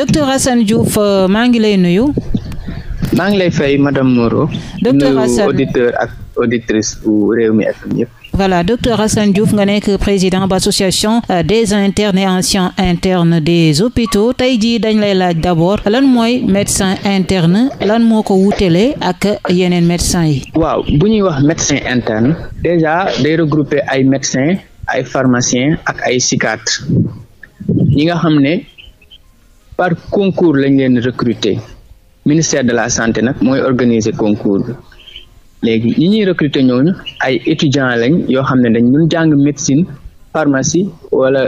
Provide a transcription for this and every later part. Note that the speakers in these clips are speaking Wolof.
docteur Assane Diouf euh, maa ngi lay nuyu. maa ngi lay fay madame Moreau. docteur Assane auditeur ak auditrice bu Rewmi FM yëpp. voilà docteur Assane Diouf nga nekk président bu association euh, des internes et anciens internes des hôpitaux tey jii dañ lay laaj d'abord lan mooy médecin interne lan moo ko wutelee ak yeneen médecin yi. waaw bu ñuy wax médecin interne déjà day regrouper ay médecins ay pharmaciens ak ay psychiatres ñi nga xam ne par concours lañ leen recruter ministère de la santé nag mooy organiser concours léegi ñi ñuy recruter ñooñu ay étudiants lañ yoo xam ne dañ mun jàng médecine pharmacie wala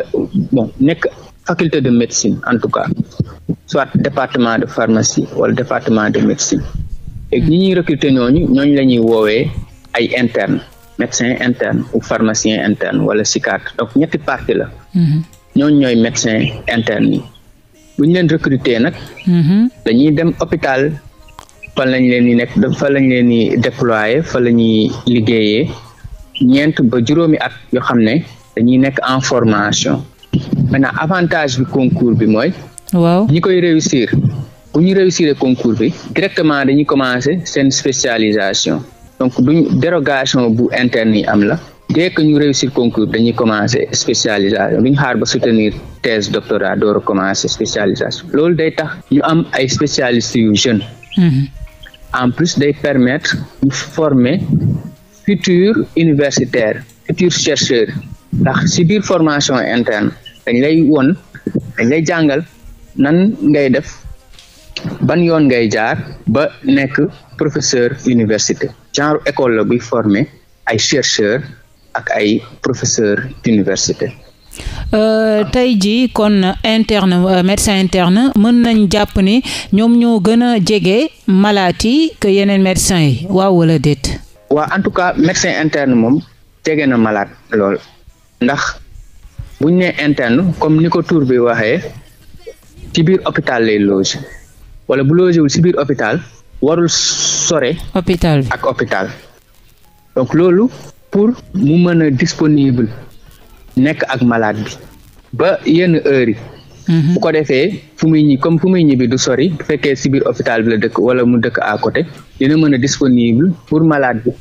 bon nekk faculté de médecine en tout cas soit département de pharmacie wala département de médecine léegi ñi ñuy recruter ñooñu ñooñu la ñuy woowee ay interne médecin interne ou pharmacien interne wala psychiatre donc ñetti parti la mm-hmm. ñooñu ñooy médecin interne bu ñu leen recruter nag. Mm-hmm. dañuy dem hôpital fa lañ leen di nekk fa lañ leen di déployer fa la ñuy liggéeyee ñeent ba juróomi at yoo xam ne dañuy nekk en formation maintenant avantage bi concours bi mooy. waaw ñi koy réussir bu ñu réussir concours bi directement dañuy commencé seen spécialisation donc du dérogation bu interne yi am la. dès que ñu réussir concours dañuy commencer spécialisation duñu xaar ba soutenir thèse doctorat door a commencer spécialisation loolu day tax ñu am ay spécialistes yu jeunes. Mhm. en plus day permettre former futurs universitaires futurs chercheurs ndax ci biir formation interne dañ lay won dañ lay jàngal nan ngay def ban yoon ngay jaar ba nekk professeur université genre école la buy former ay chercheurs ak ay professeur d'université Euh, tey jii kon interne euh, médecin interne mën nañ jàpp ni ñoom ñoo gën a jege malaat yi yeneen médecin yi waaw wala déet. waa en tout cas médecin interne moom jege na malaat lool ndax buñ nee interne comme ni ko tur bi waxee ci biir hôpital lay loge wala bu logewul ci biir hôpital warul sore. hôpital bi ak hôpital donc loolu pour mu mën a disponible nekk ak malade bi ba yenn heures yi. Mhm. bu ko defee fu muy ñi comme fu muy ñibbi du sori bu fekkee si biir hôpital bi la dëkk wala mu dëkk à côté dina mën a disponible pour malade bi.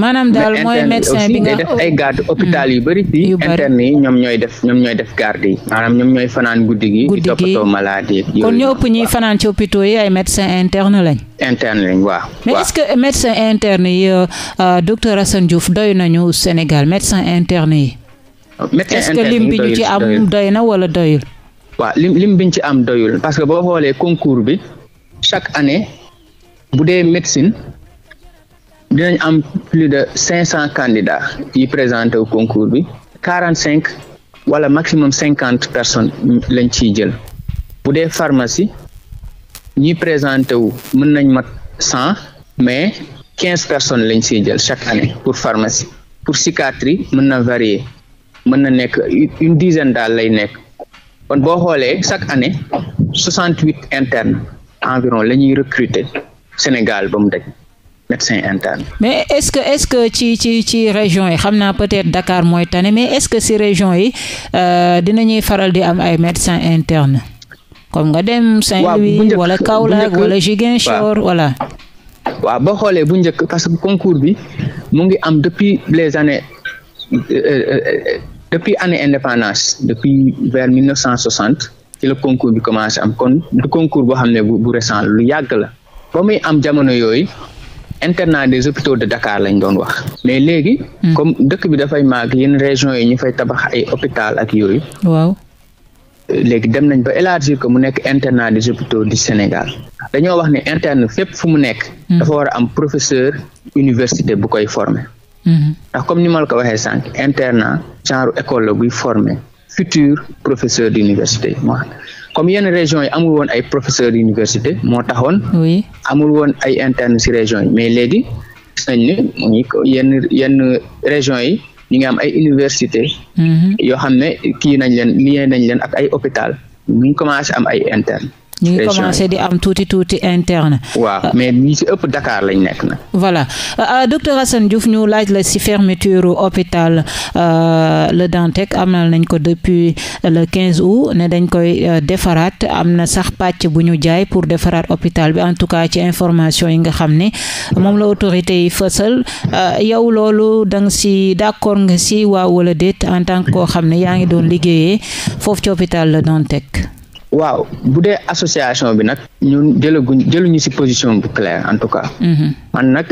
maanaam daal mooy médecin bi nga def ay garde hôpital yu bëri fii interne yi ñoom ñooy def ñoom ñooy def garde yi maanaam ñoom ñooy fanaan guddi gi di toppatoo maladie kon ñoo ëpp ñuy fanaan ci hôpitaux yi ay médecin interne lañ interne lañ waaw mais est-ce que médecin interne yi euh, euh, docteur Assane Diouf doy nañu Sénégal médecin interne yi est-ce que lim bi ñu ci am doy na wala doyul waaw lim lim biñ ci am doyul parce que boo xoolee concours bi chaque année bu dee médecine dinañ am plus de cinq cent candidats yi présenté au concours bi quarante cinq wala maximum cinquante personnes lañ ciy jël bu dee pharmacie ñi présenté wu mën nañ mat cent mais quinze personnes lañ siy jël chaque année pour pharmacie pour psychiatrie mën na varier mën na nekk une dizaine daal lay nekk kon boo xoolee chaque année soixante huit interne environ la ñuy recruter Sénégal ba mu médecin interne. mais est-ce que est-ce ci ci région yi xam naa peut-être Dakar mooy tane mais est-ce que si région yi euh, dina ñuy faral di am ay médecin interne kom nga dem Saint-Louis wala Kaolack wala Ziguinchor voilà waaw boo xoolee bu njëkk parce que concours bi mu ngi am depuis les années euh, euh, depuis année indépendance depuis vers 1960 ci la concours bi commencé am kon du concours boo xam ne bu récent lu yàgg la ba muy am jamono yooyu internat des hôpitaux de Dakar lañ doon wax mais léegi. Hmm. comme dëkk bi dafay màgg yenn régions yi ñu fay tabax ay hôpital ak yooyu. waaw léegi dem nañ ba élargir ko mu nekk internat des hôpitaux du Sénégal dañoo wax ne interne fépp fu mu nekk. Hmm. dafa war a am professeur université bu koy former. Hmm. ndax comme ni ma ko waxee sànq internat genre école la buy former futur professeur d'université comme yenn région yi amul woon ay professeurs d'université moo taxoon. oui amul woon ay interne ci régions yi mais léegi gis nañ ne yenn yenn régions yi ñu ngi am ay université mhm. yoo xam ne kii nañ leen lié nañ leen ak ay hôpital ñu ngi commencé am ay interne. ñu ngi commencé di am tuuti tuuti interne. waaw euh, mais ñi si ëpp dakaar lañ nekk na voilà euh, euh, docteur Assane Diouf ñu laaj la si fermeture hôpital Le Dantec am na nañ ko depuis le 15 août ne dañ koy defaraat am na sax pàcc bu ñu jaay pour defaraat hôpital bi en tout cas ci information yi nga xam ne moom la autorité yi fësal yow loolu da nga si d'accord nga si waaw wala déet en tant que koo xam ne yaa ngi doon liggéeyee foofu ci hôpital la Dantec. waaw bu dee association bi nag ñun jëlaguñ jëluñu si position bu claire en tout cas. Mhm. man nag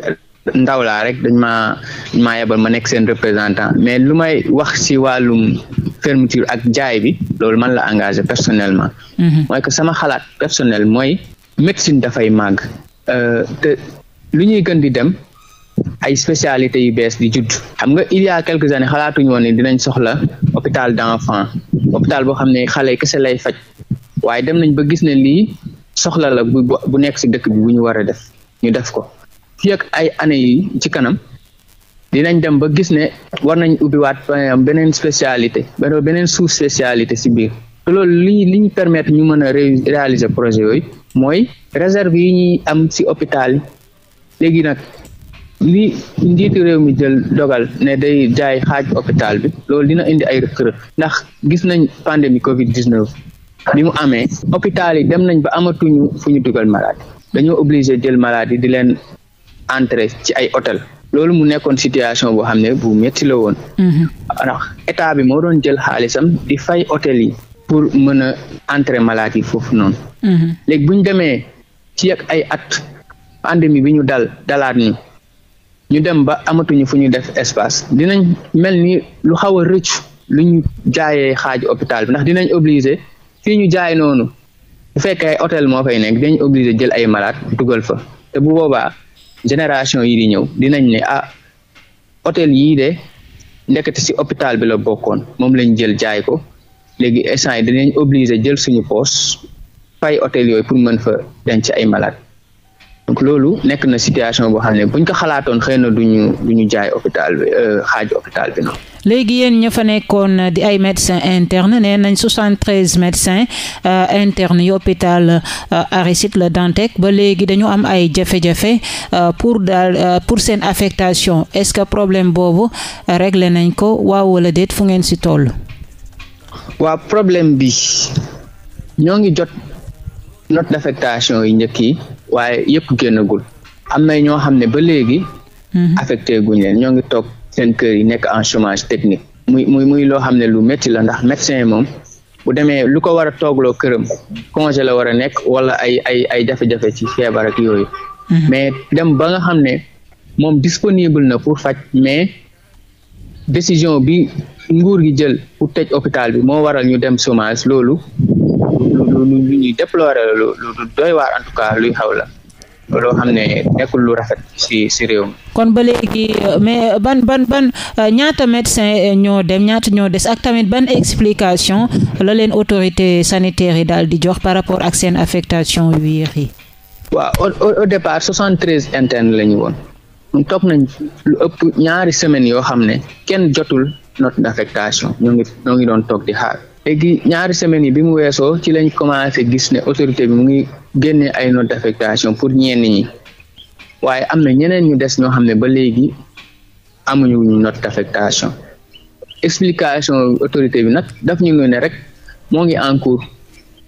ndaw laa rek dañ ma maa yebal ma nekk seen représentant mais lu may wax si wàllum fermeture ak jaay bi loolu man la engagé personnellement. Mhm. mooy que sama xalaat personnel mooy médecine dafay màgg. Euh, lu ñuy gën di dem ay spécialités yu bees di judd. xam nga il y a quelques années xalaatuñu woon ne dinañ soxla hôpital d'enfant hôpital boo xam ne xale kese lay faj. waaye dem nañ ba gis ne lii soxla la bu bu nekk si dëkk bi bu ñu war a def ñu def ko fii ay années yi ci kanam dinañ dem ba gis ne war nañ ubbiwaat beneen spécialité beneen sous spécialité si biir lool li liñ ñu permettre ñu mën a réaliser projet yooyu mooy réserve yi ñuy am si hôpital yi léegi nag lii njiitu réew mi jël dogal ne day jaay xaaj hôpital bi loolu dina indi ay rëkk ndax gis nañ pandémie covid 19 bi mu amee hôpital yi dem nañ ba amatuñu fu ñu dugal malade dañoo obligé jël malade di leen entrer ci ay hôtel loolu mu nekkoon situation boo xam ne bu metti la woon mm-hmm. ndax bi moo doon jël xaalisam di fay hôtel yi pour mën a entrer yi foofu noonu mm-hmm. léegi bu demee ci ak ay at pandémie bi ñu dal dalaat ñu ñu dem ba amatuñu fu ñu def espace dinañ mel ni lu xaw a rëccu lu ñu jaayee xaaj hôpital bi ndax dinañ obligé fi ñu jaay noonu bu fekkee hôtel moo fay nekk dañ obligé jël ay malade dugal fa te bu boobaa génération yi di ñëw dinañ ne ah hôtel yii de ndekete ci hôpital bi la bokkoon moom lañ jël jaay ko léegi instant yi dinañ obligé jël suñu poos fay hôtel yooyu pour mën fa denc ay malade donc loolu nekk na situation boo xam ne buñ ko xalaatoon xëy na duñu duñu jaay hôpital bi euh, xaaj hôpital bi noonu. léegi yéen ña fa nekkoon di ay médecins interne nee nañ 73 médecins euh, internes yu hôpital euh, Aristide Le Dantec ba léegi dañu am ay jafe-jafe pour daal pour seen affectation est-ce que problème boobu réglé nañ ko waaw wala déet fu ngeen si toll. waaw problème bi ñoo ngi jot note d'affectation yi njëkk waaye yëpp génnagul am na ñoo xam ne ba léegi. Mhm. affecté guñ leen ñoo ngi toog seen kër yi nekk en chômage technique. muy muy muy loo xam ne lu métti la ndax médecin yi moom bu demee lu ko war a toogloo këram congé la war a nekk wala ay ay ay jafe-jafe ci feebar ak yooyu. Mhm. mais dem ba nga xam moom disponible na pour faj mais. décision bi nguur gi jël pour tëj hôpital bi moo waral ñu dem chômage loolu lu lu ñuy déplorer lu doy waar en tout cas luy xaw la loo xam ne nekkul lu rafet si réew mi. kon ba léegi mais ban ban ban euh, ñaata médecin euh, ñoo dem ñaata ñoo des ak tamit ban explication la leen autorité sanitaire yi daal di jox par rapport ak seen affectation wiir yi. waaw au au départ 73 internes la ñu woon. toog nañ lu ëpp ñaari semaines yoo xam ne kenn jotul note d'affectation ñoo ngi ñoo ngi doon toog di xaar léegi ñaari semaines yi bi mu weesoo ci lañ commencé gis ne autorité bi mu ngi génne ay note d'affectation pour ñenn ñi waaye am na ñeneen ñu des ñoo xam ne ba léegi amuñu note d'affectation explication autorité bi nag daf ñu ne rek moo ngi en cours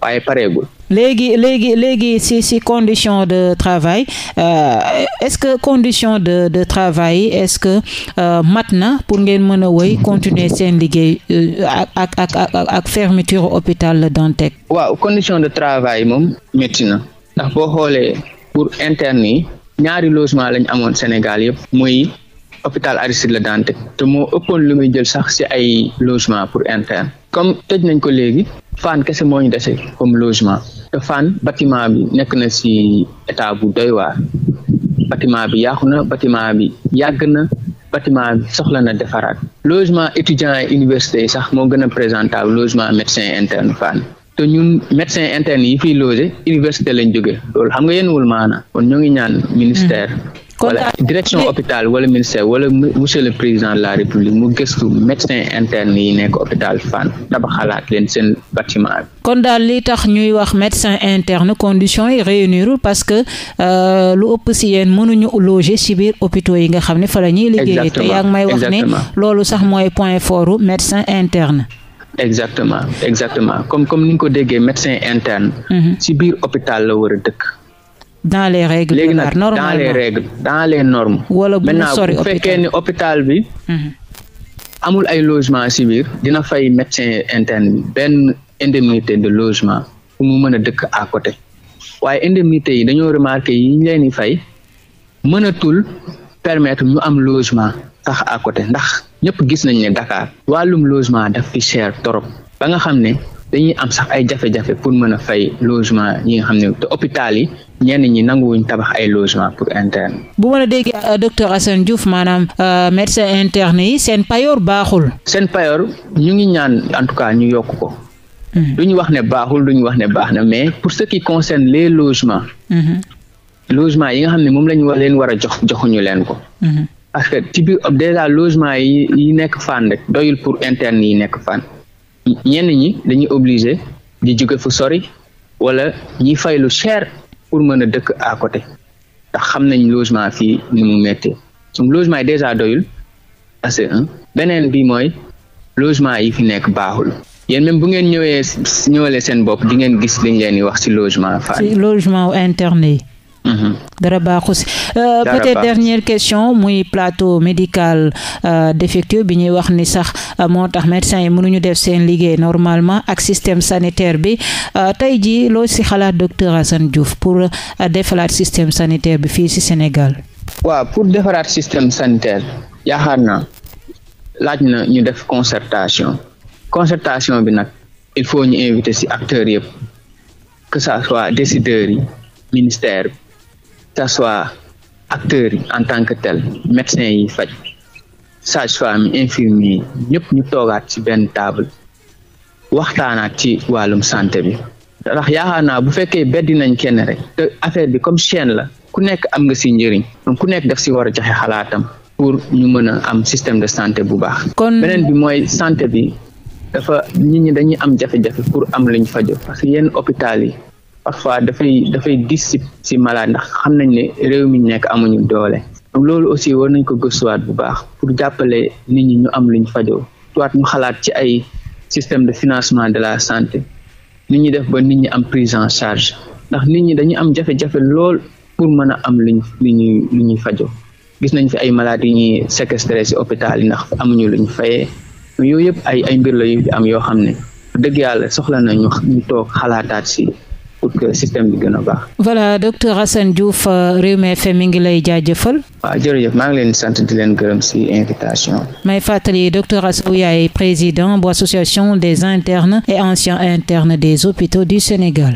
waaye pareegul léegi léegi léegi si si condition de travail euh, est-ce que condition de de travail est-ce que euh, mat na pour ngeen mën a woy continuer seen liggéey euh, ak ak ak ak fermeture hôpital Dantec. waaw condition de travail moom métti na ndax boo xoolee pour interne yi ñaari logement lañ amoon Sénégal yëpp mooy hôpital Aristide Le Dantec te moo ëppoon lu muy jël sax si ay logement pour interne comme tëj nañ ko léegi Fann kese moo ñu dese comme logement te Fann bâtiment bi nekk na si état bu doy waar bâtiment bi yaaxu na bâtiment bi yàgg na bâtiment bi soxla na defaraat logement étudiant et université yi sax moo gën a présentable logement médecin interne Fann te ñun médecin interne yi fiy logé université lañ jóge loolu xam nga yéen wul maana kon ñoo ngi ñaan ministère voilà direction hôpital wala ministère wala monsieur le président de la république mu gëstu médecin interne yi nekk hôpital Fann tabaxalaat leen seen bâtiment bi. kon daal li tax ñuy wax médecin interne condition yi réunirul parce que euh, lu ëpp si yéen mënuñu loger si biir hôpitaux yi nga xam ne fa la ñuy liggéeyee te yaa may wax ne loolu sax mooy point fortu médecin interne. exactement exactement comme comme ni nga ko déggee médecin interne. Mhm. si biir hôpital la war dëkk. dans les règles. léegi nag dans les règles dans les normes. wala bu ñu sori hôpital fekkee ni hôpital bi. Mhm. amul ay logement si biir dina fay médecin interne benn indemnité de logement fu mu mën a dëkk à côté waaye indemnité yi dañoo remarqué yi ñu leen di fay mënatul permettre ñu am logement tax à côté ndax ñëpp gis nañ ne Dakar wàllum logement daf fi trop ba nga xam ne dañuy am sax ay jafe-jafe pour mën a fay logement ñi nga xam ne te hôpital yi ñenn ñi nanguwuñ tabax ay logement pour interne. bu ma la déggee euh, docteur Assane Diouf maanaam euh, médecin interne yi seen payoor baaxul. seen payoor ñu ngi ñaan en tout cas ñu yokk ko. Hmm. du ñu wax ne baaxul du ñu wax ne baax na mais pour ce qui concerne les logements. Hmm. yi nga xam ne moom lañu ñu leen war a jox joxuñu leen ko. Hmm. parce que ci biir déjà logement yi yi nekk fan rek doyul pour interne yi nekk fan ñenn ñi dañuy obligé di jóge fu sori wala ñi fay lu cher. pour mën a dëkk à côté ndax xam nañ logement fii ni mu méttee donc logement yi déjà doyul assez un beneen bi mooy logement yi fi nekk baaxul yéen même bu ngeen ñëwee ñëwalee seen bopp di ngeen gis liñ leen di wax ci logement fa logement interne yi Mm-hmm. dara baaxu si euh, peut dernière question muy plateau médical euh, défectueux bi ñuy wax ni sax euh, moo tax médecins yi mënuñu def seen liggéey normalement ak système sanitaire bi tey jii loo si xalaat docteur Assane Diouf pour defalaat système sanitaire bi fii si Sénégal. waaw pour defaraat système sanitaire yaakaar na laaj na ñu def concertation concertation bi nag il faut ñu invité si acteurs yëpp que ça soit décideurs yi ministère que soit acteurs yi en tant que tel médecin yi faj sage-femme yi infirmier yi ñëpp ñu toogaat ci benn table waxtaanaat ci wàllum santé bi ndax yaakaar naa bu fekkee beddi nañ kenn rek te affaire bi comme chaîne la ku nekk am nga si njëriñ donc ku nekk daf si war a joxe xalaatam pour ñu mën a am système de santé bu baax. kon beneen bi mooy santé bi dafa nit ñi dañuy am jafe-jafe pour am lu ñu fajo parce que yenn hôpital yi parfois dafay dafay dis si si malade ndax xam nañ ne réew mi nekk amuñu doole loolu aussi war nañ ko gëstuwaat bu baax pour jàppale nit ñi ñu am luñ fajoo tuwaat ñu xalaat ci ay système de financement de la santé nit ñi def ba nit ñi am prise en charge ndax nit ñi dañu am jafe-jafe lool pour mën a am luñ luñuy ñuy fajoo gis nañ fi ay malade yu ñuy séquestré si hôpital yi ndax amuñu luñ fayee yooyu yëpp ay ay mbir la yu am yoo xam ne dëgg yàlla soxla nañu ñu toog xalaataat si pour que système a baax. voilà docteur Assane Diouf euh, Rewmi FM mi ngi lay jaajëfal. waaw jërëjëf maa ngi leen sant di leen gërëm si invitation. may fàttali docteur Assow président bu association des internes et anciens internes des hôpitaux du Sénégal.